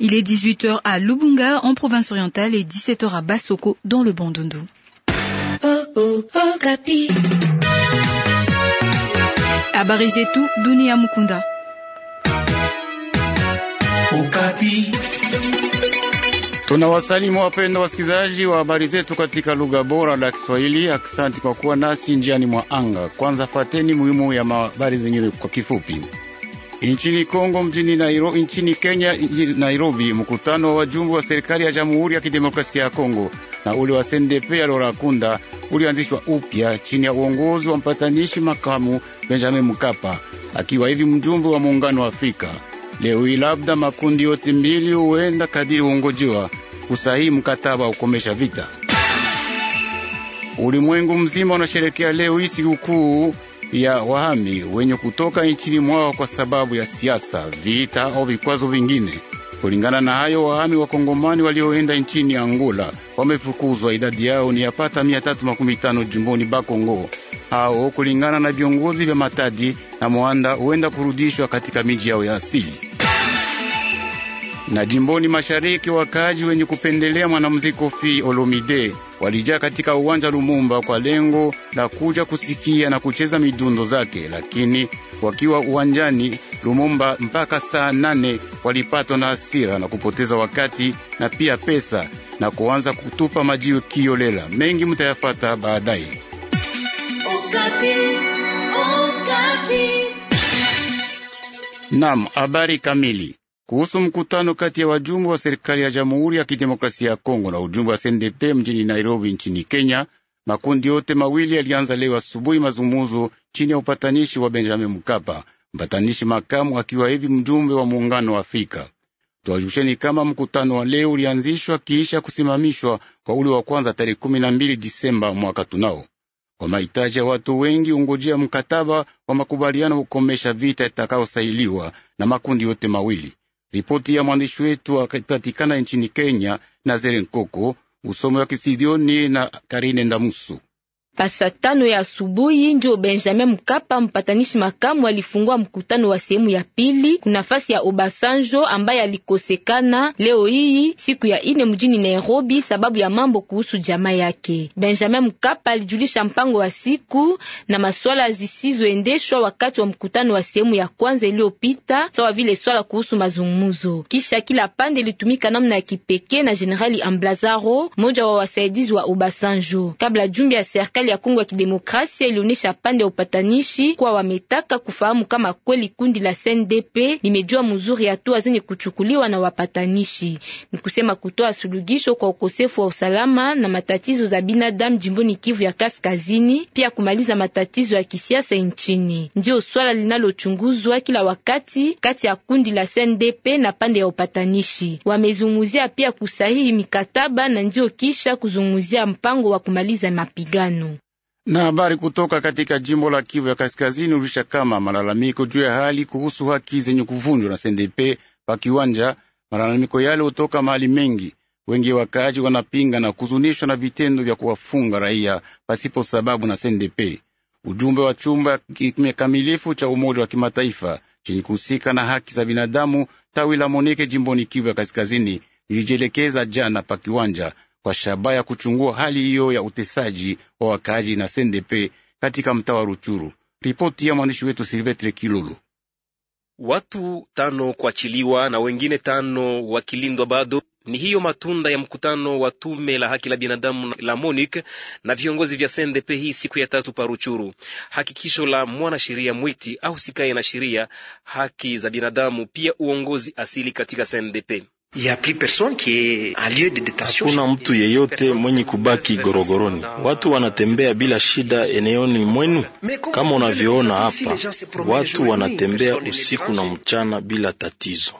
Il est 18h à Lubunga, en province orientale, et 17h à Bassoko, dans le Bandundu. Oh, oh, oh, Habari zetu dunia mukunda. Ukapi. Oh, Tunawasalimu wapenda wasikilizaji wa habari zetu katika lugha bora la Kiswahili. Aksanti kwa kuwa nasi njiani mwa anga. Kwanza pateni muhimu ya habari zenyewe kwa kifupi. nchini Kongo mjini Nairobi, nchini Kenya mjini Nairobi, mkutano wa wajumbe wa serikali ya Jamhuri ya Kidemokrasia ya Kongo na ule wa SNDP ya Laurent Nkunda ulianzishwa upya chini ya uongozi wa mpatanishi makamu Benjamin Mkapa akiwa hivi mjumbe wa Muungano wa Afrika. Leo hii labda makundi yote mbili huenda kadiri uongojiwa kusahihi mkataba wa kukomesha vita. Ulimwengu mzima unasherekea leo hii sikukuu ya wahami wenye kutoka nchini mwao kwa sababu ya siasa, vita au vikwazo vingine. Kulingana na hayo, wahami wakongomani walioenda nchini Angola wamefukuzwa, idadi yao ni yapata 315 jimboni Bakongo. Hao kulingana na viongozi vya Matadi na Mwanda huenda kurudishwa katika miji yao ya asili na jimboni mashariki. wakaji wenye kupendelea mwanamuziki Koffi Olomide walijaa katika uwanja Lumumba kwa lengo la kuja kusikia na kucheza midundo zake, lakini wakiwa uwanjani Lumumba mpaka saa nane walipatwa na hasira na kupoteza wakati na pia pesa na kuanza kutupa majiwe kiolela. Mengi mutayafata baadaye. Naam, habari kamili kuhusu mkutano kati ya wajumbe wa serikali ya Jamhuri ya Kidemokrasia ya Kongo na ujumbe wa CNDP mjini Nairobi nchini Kenya. Makundi yote mawili yalianza leo asubuhi mazungumzo chini ya upatanishi wa Benjamin Mkapa, mpatanishi makamu akiwa hivi mjumbe wa Muungano wa Afrika. Tuwajusheni kama mkutano wa leo ulianzishwa kiisha kusimamishwa kwa ule wa kwanza tarehe kumi na mbili Disemba mwaka tunao, kwa mahitaji ya watu wengi ungojea mkataba wa makubaliano kukomesha vita itakayosailiwa na makundi yote mawili. Ripoti ya mwandishi wetu akipatikana nchini Kenya, Nazere Nkoko, usomo wa kisidioni na Karine Ndamusu. Pasatano ya asubuhi ndio Benjamin Mkapa, mpatanishi makamu, alifungua mkutano wa sehemu ya pili kuna nafasi ya Obasanjo ambaye alikosekana leo hii siku ya ine mjini Nairobi sababu ya mambo kuhusu jamaa yake. Benjamin Mkapa alijulisha mpango wa siku na maswala zisizoendeshwa wakati wa mkutano wa sehemu ya kwanza iliyopita, sawa vile swala kuhusu mazungumzo. Kisha kila pande ilitumika namna ya kipekee na Generali Amblazaro, mmoja wa wasaidizi wa Obasanjo, kabla jumbe ya serikali serikali ya Kongo ya Kidemokrasia ilionyesha pande ya upatanishi kwa wametaka kufahamu kama kweli kundi la CNDP limejua mzuri hatua zenye kuchukuliwa na wapatanishi, ni kusema kutoa suluhisho kwa ukosefu wa usalama na matatizo za binadamu jimboni Kivu ya Kaskazini, pia kumaliza matatizo ya kisiasa nchini. Ndio swala linalochunguzwa kila wakati kati ya kundi la CNDP na pande ya upatanishi. Wamezungumzia pia kusahihi mikataba na ndio kisha kuzungumzia mpango wa kumaliza mapigano. Na habari kutoka katika jimbo la Kivu ya Kaskazini ulisha kama malalamiko juu ya hali kuhusu haki zenye kuvunjwa na sendepe pa kiwanja. Malalamiko yale hutoka mahali mengi. Wengi wakaaji wanapinga na kuzunishwa na vitendo vya kuwafunga raia pasipo sababu na sendepe. Ujumbe wa chumba kikamilifu cha Umoja wa Kimataifa chenye kuhusika na haki za binadamu tawi la Moneke jimboni Kivu ya Kaskazini lilijielekeza jana pa kiwanja kwa shabaha ya kuchungua hali hiyo ya utesaji wa wakaaji na sendepe katika mtaa wa Ruchuru. Ripoti ya mwandishi wetu Silvestre Kilulu. Watu tano kuachiliwa na wengine tano wakilindwa bado ni hiyo matunda ya mkutano wa tume la haki la binadamu la MONUC na viongozi vya CNDP hii siku ya tatu pa ruchuru Hakikisho la mwanasheria mwiti au sikaye na sheria haki za binadamu, pia uongozi asili katika CNDP. Hakuna mtu yeyote mwenye kubaki gorogoroni, watu wanatembea bila shida eneoni mwenu. Kama unavyoona hapa, watu wanatembea usiku na mchana bila tatizo.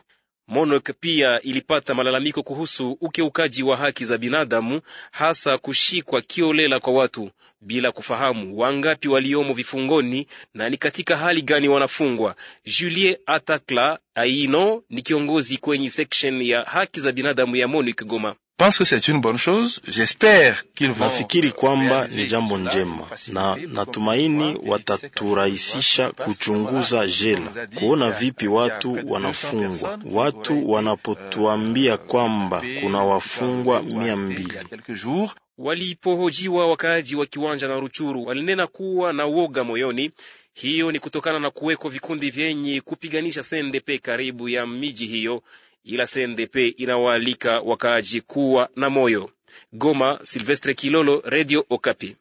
MONUC pia ilipata malalamiko kuhusu ukiukaji wa haki za binadamu, hasa kushikwa kiolela kwa watu bila kufahamu wangapi waliomo vifungoni na ni katika hali gani wanafungwa. Julien Atakla Aino ni kiongozi kwenye section ya haki za binadamu ya MONUC Goma nafikiri kwamba ni jambo njema na natumaini wataturahisisha kuchunguza jela, kuona vipi watu wanafungwa. Watu euh, wanapotuambia kwamba kuna wafungwa mia mbili walipohojiwa wakaaji wa kiwanja na Ruchuru walinena kuwa na uoga moyoni. Hiyo ni kutokana na kuwekwa vikundi vyenye kupiganisha sendepe karibu ya miji hiyo ila CNDP inawaalika wakaaji kuwa na moyo. Goma, Silvestre Kilolo, Radio Okapi.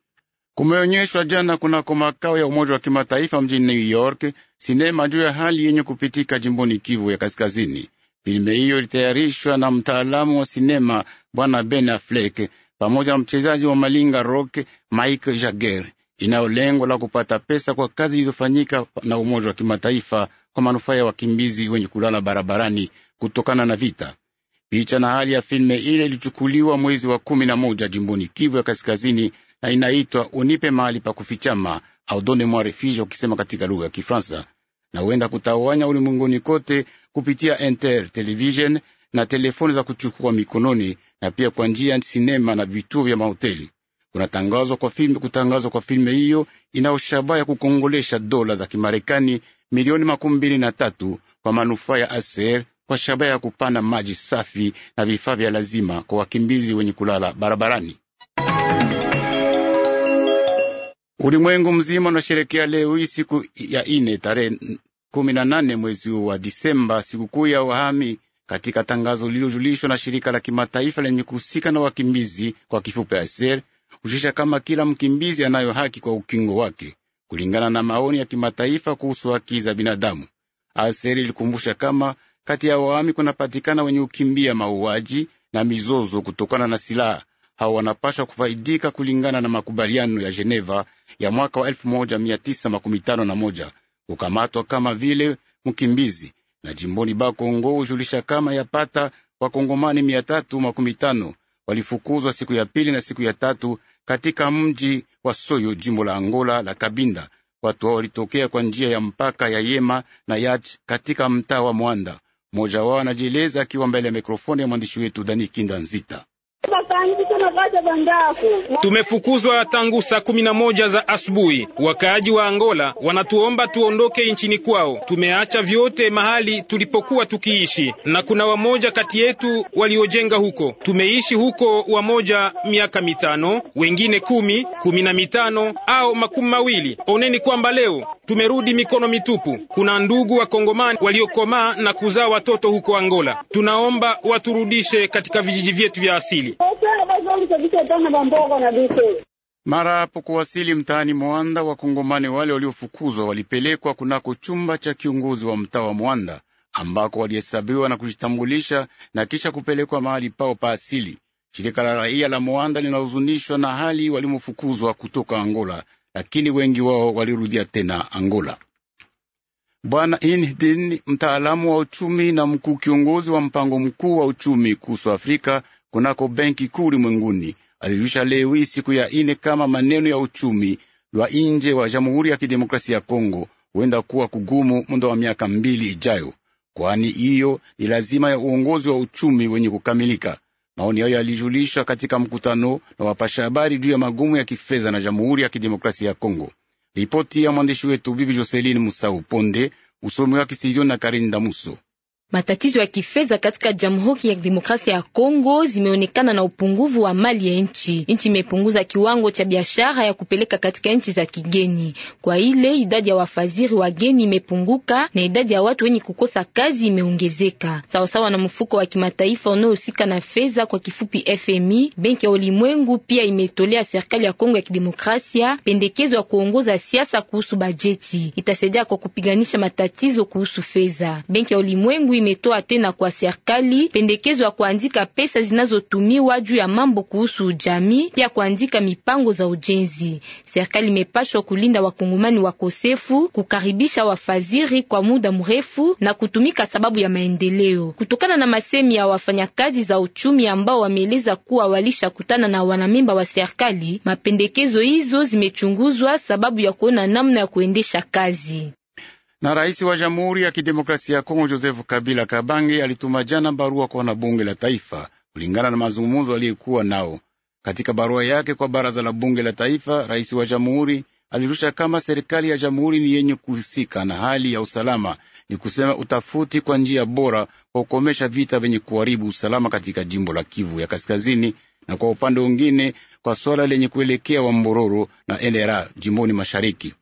Kumeonyeshwa jana kunako makao ya Umoja wa Kimataifa mjini New York sinema juu ya hali yenye kupitika jimboni Kivu ya Kaskazini. Filme hiyo ilitayarishwa na mtaalamu wa sinema Bwana Ben Affleck pamoja na mchezaji wa malinga rock Mike Jagger, inayo lengo la kupata pesa kwa kazi ilizofanyika na Umoja wa Kimataifa kwa manufaa ya wakimbizi wenye kulala barabarani kutokana na vita. Picha na hali ya filme ile ilichukuliwa mwezi wa kumi na moja jimboni Kivu ya Kaskazini na inaitwa unipe mahali pa kufichama au done moi refuge, ukisema katika lugha ya Kifransa, na huenda kutawanya ulimwenguni kote kupitia inter television na telefoni za kuchukua mikononi na pia kwa njia ya sinema na vituo vya mahoteli. Kunatangazwa kwa filme, kutangazwa kwa filme hiyo inayo shabaha ya kukongolesha dola za Kimarekani milioni makumi mbili na tatu kwa manufaa ya ASER kwa shabaha ya kupanda maji safi na vifaa vya lazima kwa wakimbizi wenye kulala barabarani. Ulimwengu mzima unasherekea leo hii siku ya ine tarehe kumi na nane mwezi huu wa Disemba sikukuu ya wahami. Katika tangazo lililojulishwa na shirika la kimataifa lenye kuhusika na wakimbizi kwa kifupi ASER, hushusha kama kila mkimbizi anayo haki kwa ukingo wake kulingana na maoni ya kimataifa kuhusu haki za binadamu. Aseri ilikumbusha kama kati ya waami kunapatikana wenye ukimbia mauaji na mizozo kutokana na silaha. Hao wanapashwa kufaidika kulingana na makubaliano ya Geneva ya mwaka wa 1951 kukamatwa kama vile mkimbizi. Na jimboni Bakongo hujulisha kama yapata wakongomani mia walifukuzwa siku ya pili na siku ya tatu katika mji wa Soyo, jimbo la Angola la Kabinda. Watu hao walitokea kwa njia ya mpaka ya Yema na Yaj katika mtaa wa Mwanda. Mmoja wao anajieleza akiwa mbele ya mikrofoni ya mwandishi wetu Dani Kinda Nzita. Tumefukuzwa tangu saa kumi na moja za asubuhi. Wakaaji wa Angola wanatuomba tuondoke nchini kwao. Tumeacha vyote mahali tulipokuwa tukiishi, na kuna wamoja kati yetu waliojenga huko. Tumeishi huko wamoja miaka mitano, wengine kumi, kumi na mitano au makumi mawili. Oneni kwamba leo Tumerudi mikono mitupu. Kuna ndugu wa Kongomani waliokomaa na kuzaa watoto huko Angola. Tunaomba waturudishe katika vijiji vyetu vya asili. Mara hapo kuwasili mtaani Mwanda, wakongomani wale waliofukuzwa walipelekwa kunako chumba cha kiongozi wa mtaa wa Mwanda ambako walihesabiwa na kujitambulisha na kisha kupelekwa mahali pao pa asili. Shirika la raia la Mwanda linahuzunishwa na hali walimofukuzwa kutoka Angola lakini wengi wao walirudia tena Angola. Bwana Inhdin, mtaalamu wa uchumi na mkuu kiongozi wa mpango mkuu wa uchumi kuhusu Afrika kunako benki kuu ulimwenguni, alirusha leo hii siku ya ine kama maneno ya uchumi wa nje wa Jamhuri ya Kidemokrasia ya Kongo huenda kuwa kugumu muda wa miaka mbili ijayo, kwani hiyo ni lazima ya uongozi wa uchumi wenye kukamilika Maoni hayo yalijulishwa katika mkutano na wapasha habari juu ya magumu ya kifedha na Jamhuri ya Kidemokrasia ya Kongo. Ripoti ya mwandishi wetu Bibi Joseline Musau Ponde, usomi wake studio na karin damuso Matatizo ya kifedha katika Jamhuri ya Demokrasia ya Kongo zimeonekana na upungufu wa mali ya nchi. Nchi imepunguza kiwango cha biashara ya kupeleka katika nchi za kigeni. Kwa ile idadi ya wafadhili wageni imepunguka na idadi ya watu wenye kukosa kazi imeongezeka. Sawasawa na mfuko wa kimataifa unaohusika na fedha kwa kifupi FMI, Benki ya Ulimwengu pia imetolea serikali ya Kongo ya Kidemokrasia pendekezo ya kuongoza siasa kuhusu bajeti. Itasaidia kwa kupiganisha matatizo kuhusu fedha. Benki ya Ulimwengu imetoa tena kwa serikali pendekezo ya kuandika pesa zinazotumiwa juu ya mambo kuhusu ujami pia kuandika mipango za ujenzi. Serikali imepashwa kulinda wakongomani wakosefu, kukaribisha wafadhili kwa muda mrefu na kutumika sababu ya maendeleo. Kutokana na masemi ya wafanyakazi za uchumi ambao wameeleza kuwa walishakutana na wanamemba wa serikali, mapendekezo hizo zimechunguzwa sababu ya kuona namna ya kuendesha kazi na rais wa Jamhuri ya Kidemokrasia ya Kongo Josefu Kabila Kabange alituma jana barua kwa wanabunge la taifa kulingana na mazungumzo aliyekuwa nao. Katika barua yake kwa baraza la bunge la taifa, rais wa jamhuri alirusha kama serikali ya jamhuri ni yenye kuhusika na hali ya usalama, ni kusema utafuti kwa njia bora kwa kukomesha vita vyenye kuharibu usalama katika jimbo la Kivu ya Kaskazini, na kwa upande wengine kwa swala lenye kuelekea wa mbororo na NRA jimboni mashariki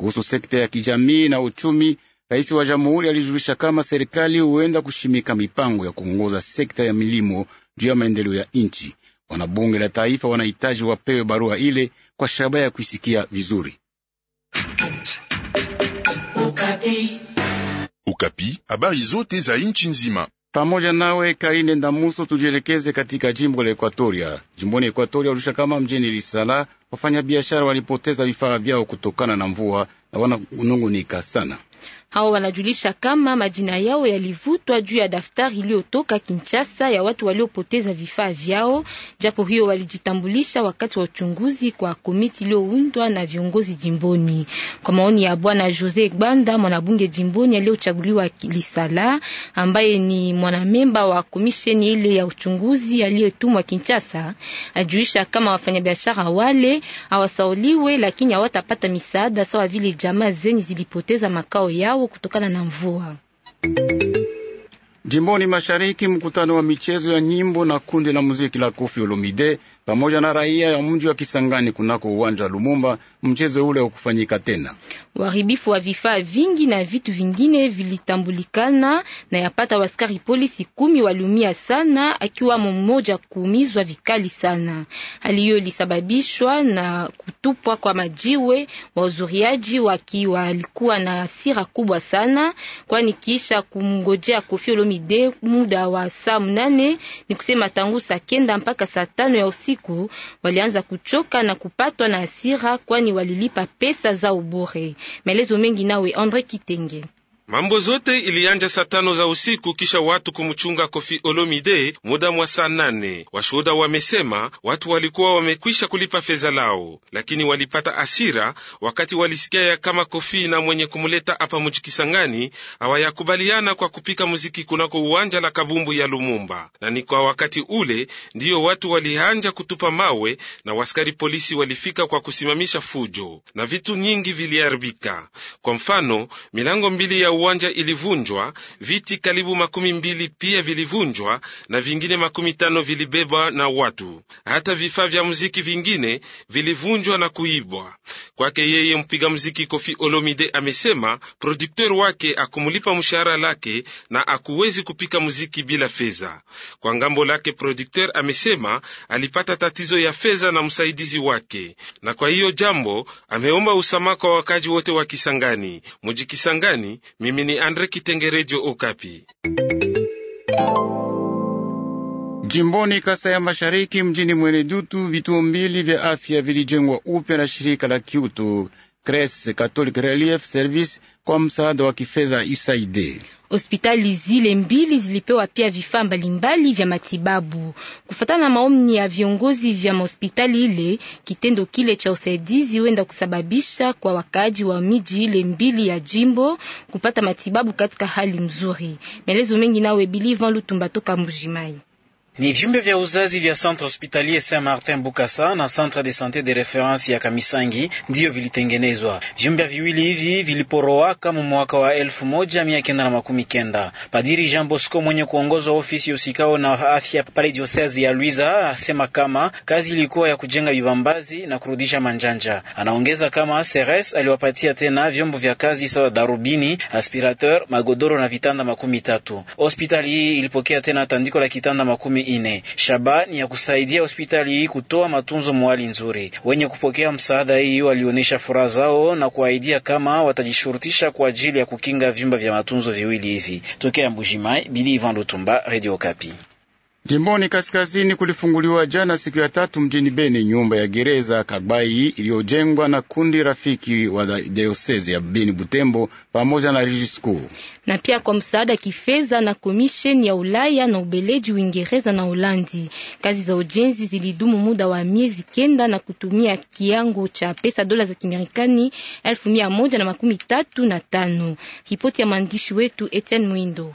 kuhusu sekta ya kijamii na uchumi, rais wa jamhuri alijulisha kama serikali huenda kushimika mipango ya kuongoza sekta ya milimo juu ya maendeleo ya nchi. Wanabunge la taifa wanahitaji wapewe barua ile kwa shabaha ya kuisikia vizuri. Ukapi, habari zote za nchi nzima pamoja nawe Karine Ndamuso, tujielekeze katika jimbo la Ekuatoria. Jimboni Ekwatoria ulisha kama mjini Lisala, wafanyabiashara walipoteza vifaa vyao kutokana na mvua na wananungunika sana. Hao wanajulisha kama majina yao yalivutwa juu ya daftari iliyotoka Kinshasa ya watu waliopoteza vifaa vyao, japo hiyo walijitambulisha wakati wa uchunguzi kwa komiti iliyoundwa na viongozi jimboni. Kwa maoni ya bwana Jose Gbanda, mwanabunge jimboni aliyochaguliwa Lisala, ambaye ni mwanamemba wa komisheni ile ya uchunguzi aliyetumwa Kinshasa, ajulisha kama wafanyabiashara wale hawasauliwe, lakini hawatapata misaada sawa vile jamaa zenye zilipoteza makao yao au kutokana na mvua. Jimboni mashariki, mkutano wa michezo ya nyimbo na kundi la muziki la Kofi Olomide pamoja na raia ya mji wa Kisangani kunako uwanja wa Lumumba mchezo ule ukufanyika tena. Uharibifu wa vifaa vingi na vitu vingine vilitambulikana na yapata waskari polisi kumi waliumia sana, akiwamo mmoja kuumizwa vikali sana. Hali hiyo ilisababishwa na kutupwa kwa majiwe, wahudhuriaji wakiwa walikuwa na hasira kubwa sana, kwani kisha kumngojea Koffi Olomide muda wa saa mnane, ni kusema tangu saa kenda mpaka saa tano ya usiku, walianza kuchoka na kupatwa na hasira kwani walilipa pesa zao bure. Maelezo mengi nawe Andre Kitenge. Mambo zote ilianja saa tano za usiku, kisha watu kumchunga Kofi Olomide muda mwa saa nane. Washuhuda wamesema watu walikuwa wamekwisha kulipa fedha lao, lakini walipata asira wakati walisikia ya kama Kofi na mwenye kumuleta hapa mujikisangani hawayakubaliana kwa kupika muziki kunako uwanja la kabumbu ya Lumumba, na ni kwa wakati ule ndiyo watu walianja kutupa mawe na waskari polisi walifika kwa kusimamisha fujo na vitu nyingi viliharibika. Kwa mfano milango mbili ya uwanja ilivunjwa, viti karibu makumi mbili pia vilivunjwa na vingine makumi tano vilibebwa na watu. Hata vifaa vya muziki vingine vilivunjwa na kuibwa. Kwake yeye mpiga muziki Kofi Olomide amesema produkteur wake akumulipa mshahara lake na akuwezi kupika muziki bila fedha. Kwa ngambo lake produkteur amesema alipata tatizo ya fedha na msaidizi wake, na kwa hiyo jambo ameomba usamaha kwa wakaji wote wa Kisangani, muji Kisangani. Mimi ni Andre Kitenge, Redio Okapi. Jimboni Kasa ya Mashariki, mjini Dutu, vituo mbili vya afya vilijengwa upya na shirika la Kyoto Cres Catholic Relief Service kwa msaada wa kifedha USAID. Hospitali zile mbili zilipewa pia vifaa mbalimbali vya matibabu. Kufatana na maomni ya viongozi vya hospitali ile, kitendo kile cha usaidizi huenda kusababisha kwa wakaaji wa miji ile mbili ya jimbo kupata matibabu katika hali nzuri. Maelezo mengi nawe Bilivan Lutumba toka Mbujimayi. Ni vyumba vya uzazi vya Centre Hospitalier Saint Martin Bukasa na Centre de Sante de Reference ya Kamisangi ndiyo vilitengenezwa. Vyumba viwili hivi viliporoaka mu mwaka wa elfu moja mia kenda na makumi kenda. Padiri Jean Bosco mwenye kuongozwa ofisi usikao na afya pale diosezi ya Luiza asema kama kazi ilikuwa ya kujenga vibambazi na kurudisha manjanja. Anaongeza kama Seres aliwapatia tena vyombo vya kazi sawa darubini, aspirateur, magodoro na vitanda makumi tatu. Hospitali hii ilipokea tena tandiko la kitanda makumi makumi ine. Shabani ni ya kusaidia hospitali hii kutoa matunzo mwali nzuri. Wenye kupokea msaada hii walionyesha furaha zao na kuahidia kama watajishurutisha kwa ajili ya kukinga vyumba vya matunzo viwili hivi. Tokea Mbujimai, Bili Ivan Lutumba, Radio Kapi. Jimboni kaskazini kulifunguliwa jana siku ya tatu mjini Beni nyumba ya gereza kagbai iliyojengwa na kundi rafiki wa diosezi ya Beni Butembo pamoja na Regisco na pia kwa msaada kifedha na komisheni ya Ulaya na Ubeleji, Uingereza na Ulandi. Kazi za ujenzi zilidumu muda wa miezi kenda na kutumia kiango cha pesa dola za Kimarekani elfu mia moja na makumi tatu na tano. Ripoti ya mwandishi wetu Etienne Mwindo.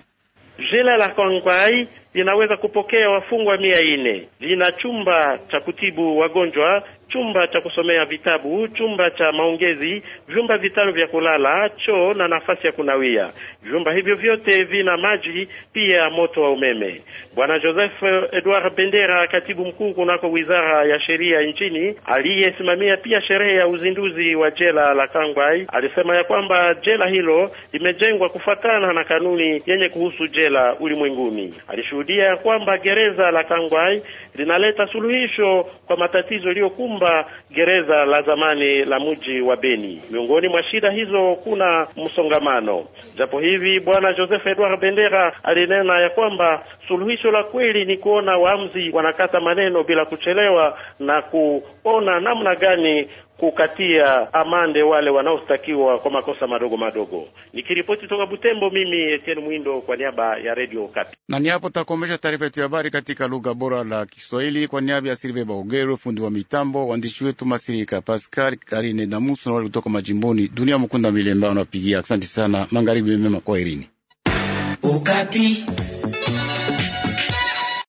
Jela la Kongwai linaweza kupokea wafungwa mia nne. Lina chumba cha kutibu wagonjwa chumba cha kusomea vitabu, chumba cha maongezi, vyumba vitano vya kulala, choo na nafasi ya kunawia. Vyumba hivyo vyote vina maji pia moto wa umeme. Bwana Joseph Edward Bendera, katibu mkuu kunako wizara ya sheria nchini, aliyesimamia pia sherehe ya uzinduzi wa jela la Kangwai, alisema ya kwamba jela hilo limejengwa kufuatana na kanuni yenye kuhusu jela ulimwenguni. Alishuhudia ya kwamba gereza la Kangwai linaleta suluhisho kwa matatizo yaliyokumba kulikumba gereza la zamani la mji wa Beni. Miongoni mwa shida hizo kuna msongamano, japo hivi bwana Joseph Edward Bendera alinena ya kwamba suluhisho la kweli ni kuona waamzi wanakata maneno bila kuchelewa na kuona namna gani kukatia amande wale wanaostakiwa kwa makosa madogo madogo. Nikiripoti toka Butembo, mimi Etienne Mwindo kwa niaba ya Radio Kapi. Na ni hapo takomesha taarifa yetu ya habari katika lugha bora la Kiswahili kwa niaba ya Silve Baogero, fundi wa mitambo waandishi wetu Masirika Pascal Karine na Musu na wale kutoka majimboni. Dunia Mukunda Milemba unapigia. Asante sana, mangaribi mema, Ukapi.